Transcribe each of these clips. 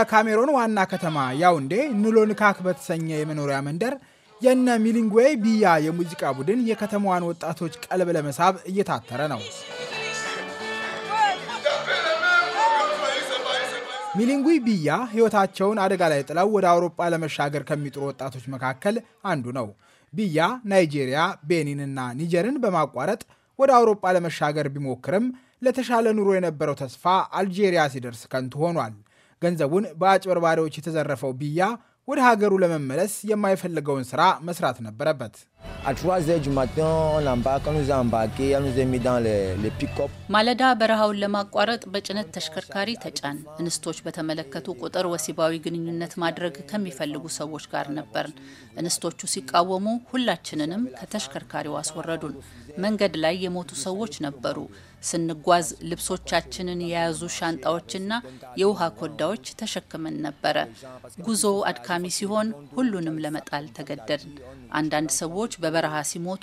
በካሜሮን ዋና ከተማ ያውንዴ ንሎንካክ በተሰኘ የመኖሪያ መንደር የነ ሚሊንጉዌ ቢያ የሙዚቃ ቡድን የከተማዋን ወጣቶች ቀልብ ለመሳብ እየታተረ ነው። ሚሊንጉ ቢያ ሕይወታቸውን አደጋ ላይ ጥለው ወደ አውሮጳ ለመሻገር ከሚጥሩ ወጣቶች መካከል አንዱ ነው። ቢያ ናይጄሪያ፣ እና ኒጀርን በማቋረጥ ወደ አውሮጳ ለመሻገር ቢሞክርም ለተሻለ ኑሮ የነበረው ተስፋ አልጄሪያ ሲደርስ ከንቱ ሆኗል። ገንዘቡን በአጭበርባሪዎች የተዘረፈው ብያ ወደ ሀገሩ ለመመለስ የማይፈልገውን ስራ መስራት ነበረበት። À 3 heures du matin, on embarque, on nous a embarqué, on nous a mis dans les, les pick-up. ማለዳ በረሃውን ለማቋረጥ በጭነት ተሽከርካሪ ተጫን። እንስቶች በተመለከቱ ቁጥር ወሲባዊ ግንኙነት ማድረግ ከሚፈልጉ ሰዎች ጋር ነበርን። እንስቶቹ ሲቃወሙ ሁላችንንም ከተሽከርካሪው አስወረዱን። መንገድ ላይ የሞቱ ሰዎች ነበሩ። ስንጓዝ ልብሶቻችንን የያዙ ሻንጣዎችና የውሃ ኮዳዎች ተሸክመን ነበረ። ጉዞ አድካሚ ሲሆን ሁሉንም ለመጣል ተገደድን። አንዳንድ ሰዎች ሰዎች በበረሃ ሲሞቱ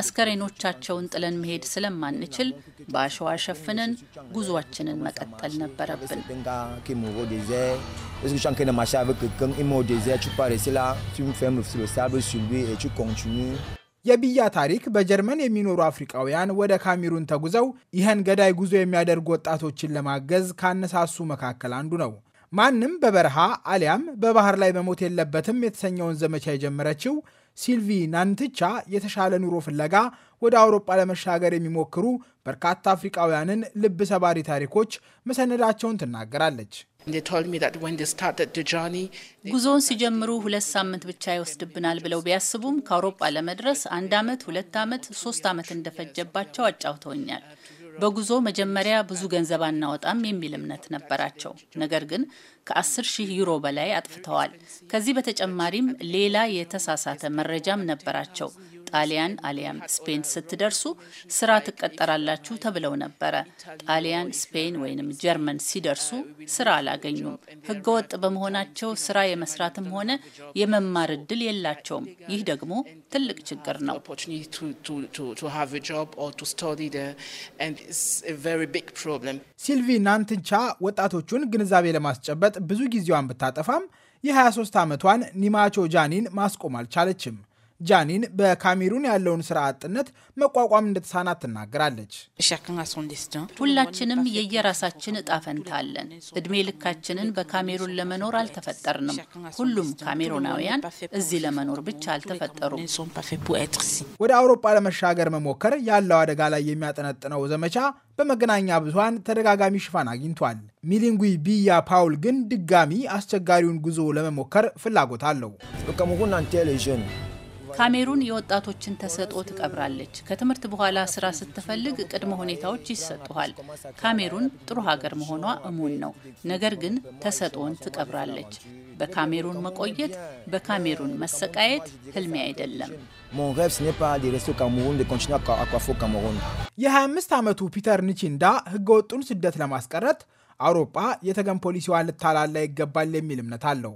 አስከሬኖቻቸውን ጥለን መሄድ ስለማንችል በአሸዋ ሸፍነን ጉዟችንን መቀጠል ነበረብን። የቢያ ታሪክ በጀርመን የሚኖሩ አፍሪቃውያን ወደ ካሜሩን ተጉዘው ይህን ገዳይ ጉዞ የሚያደርጉ ወጣቶችን ለማገዝ ካነሳሱ መካከል አንዱ ነው። ማንም በበረሃ አሊያም በባህር ላይ መሞት የለበትም የተሰኘውን ዘመቻ የጀመረችው ሲልቪ ናንትቻ የተሻለ ኑሮ ፍለጋ ወደ አውሮፓ ለመሻገር የሚሞክሩ በርካታ አፍሪቃውያንን ልብ ሰባሪ ታሪኮች መሰነዳቸውን ትናገራለች። ጉዞውን ሲጀምሩ ሁለት ሳምንት ብቻ ይወስድብናል ብለው ቢያስቡም ከአውሮፓ ለመድረስ አንድ ዓመት፣ ሁለት ዓመት፣ ሶስት ዓመት እንደፈጀባቸው አጫውተውኛል። በጉዞ መጀመሪያ ብዙ ገንዘብ አናወጣም የሚል እምነት ነበራቸው። ነገር ግን ከ10 ሺህ ዩሮ በላይ አጥፍተዋል። ከዚህ በተጨማሪም ሌላ የተሳሳተ መረጃም ነበራቸው። ጣሊያን አሊያም ስፔን ስትደርሱ ስራ ትቀጠራላችሁ ተብለው ነበረ። ጣሊያን፣ ስፔን ወይንም ጀርመን ሲደርሱ ስራ አላገኙም። ህገወጥ በመሆናቸው ስራ የመስራትም ሆነ የመማር እድል የላቸውም። ይህ ደግሞ ትልቅ ችግር ነው። ሲልቪ ናንትንቻ ወጣቶቹን ግንዛቤ ለማስጨበጥ ብዙ ጊዜዋን ብታጠፋም የ23 ዓመቷን ኒማቾ ጃኒን ማስቆም አልቻለችም። ጃኒን በካሜሩን ያለውን ስራ አጥነት መቋቋም እንደተሳናት ትናገራለች። ሁላችንም የየራሳችን እጣ ፈንታ አለን። እድሜ ልካችንን በካሜሩን ለመኖር አልተፈጠርንም። ሁሉም ካሜሩናውያን እዚህ ለመኖር ብቻ አልተፈጠሩም። ወደ አውሮፓ ለመሻገር መሞከር ያለው አደጋ ላይ የሚያጠነጥነው ዘመቻ በመገናኛ ብዙሀን ተደጋጋሚ ሽፋን አግኝቷል። ሚሊንጉ ቢያ ፓውል ግን ድጋሚ አስቸጋሪውን ጉዞ ለመሞከር ፍላጎት አለው። ካሜሩን የወጣቶችን ተሰጥኦ ትቀብራለች። ከትምህርት በኋላ ስራ ስትፈልግ ቅድመ ሁኔታዎች ይሰጡሃል። ካሜሩን ጥሩ ሀገር መሆኗ እሙን ነው። ነገር ግን ተሰጥኦን ትቀብራለች። በካሜሩን መቆየት፣ በካሜሩን መሰቃየት ህልሜ አይደለም። የ25 ዓመቱ ፒተር ኒቺንዳ ህገወጡን ስደት ለማስቀረት አውሮፓ የተገን ፖሊሲዋን ልታላላ ይገባል የሚል እምነት አለው።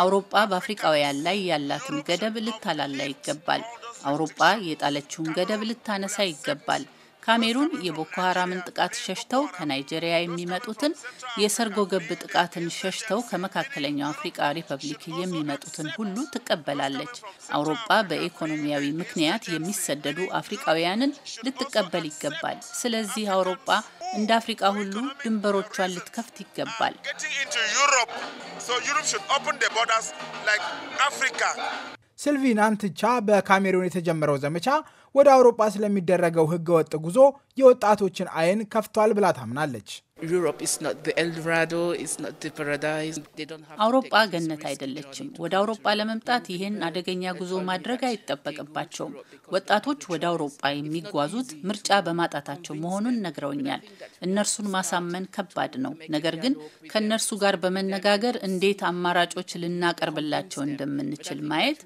አውሮጳ በአፍሪቃውያን ላይ ያላትን ገደብ ልታላላ ይገባል። አውሮጳ የጣለችውን ገደብ ልታነሳ ይገባል። ካሜሩን የቦኮ ሀራምን ጥቃት ሸሽተው ከናይጄሪያ የሚመጡትን የሰርጎ ገብ ጥቃትን ሸሽተው ከመካከለኛው አፍሪቃ ሪፐብሊክ የሚመጡትን ሁሉ ትቀበላለች። አውሮጳ በኢኮኖሚያዊ ምክንያት የሚሰደዱ አፍሪቃውያንን ልትቀበል ይገባል። ስለዚህ አውሮጳ እንደ አፍሪቃ ሁሉ ድንበሮቿን ልትከፍት ይገባል። ሲልቪናን በካሜሩን የተጀመረው ዘመቻ ወደ አውሮጳ ስለሚደረገው ህገወጥ ጉዞ የወጣቶችን አይን ከፍቷል ብላ ታምናለች። አውሮፓ ገነት አይደለችም። ወደ አውሮፓ ለመምጣት ይህን አደገኛ ጉዞ ማድረግ አይጠበቅባቸውም። ወጣቶች ወደ አውሮፓ የሚጓዙት ምርጫ በማጣታቸው መሆኑን ነግረውኛል። እነርሱን ማሳመን ከባድ ነው። ነገር ግን ከእነርሱ ጋር በመነጋገር እንዴት አማራጮች ልናቀርብላቸው እንደምንችል ማየት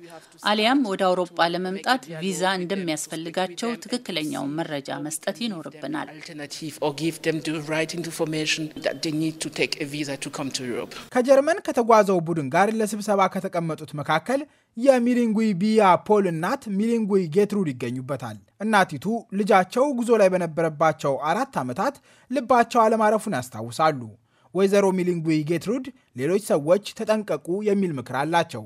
አሊያም ወደ አውሮፓ ለመምጣት ቪዛ እንደሚያስፈልጋቸው ትክክለኛውን መረጃ መስጠት ይኖርብናል። ከጀርመን ከተጓዘው ቡድን ጋር ለስብሰባ ከተቀመጡት መካከል የሚሊንጉይ ቢያ ፖል እናት ሚሊንጉይ ጌትሩድ ይገኙበታል። እናቲቱ ልጃቸው ጉዞ ላይ በነበረባቸው አራት ዓመታት ልባቸው አለማረፉን ያስታውሳሉ። ወይዘሮ ሚሊንጉይ ጌትሩድ ሌሎች ሰዎች ተጠንቀቁ የሚል ምክር አላቸው።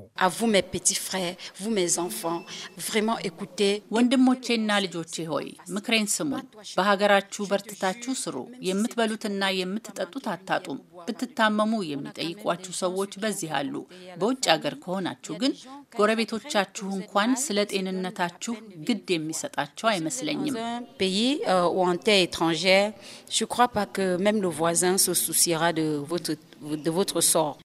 ወንድሞቼና ልጆቼ ሆይ ምክሬን ስሙን። በሀገራችሁ በርትታችሁ ስሩ። የምትበሉትና የምትጠጡት አታጡም። ብትታመሙ የሚጠይቋችሁ ሰዎች በዚህ አሉ። በውጭ ሀገር ከሆናችሁ ግን ጎረቤቶቻችሁ እንኳን ስለ ጤንነታችሁ ግድ የሚሰጣቸው አይመስለኝም። euh, Je ሶ።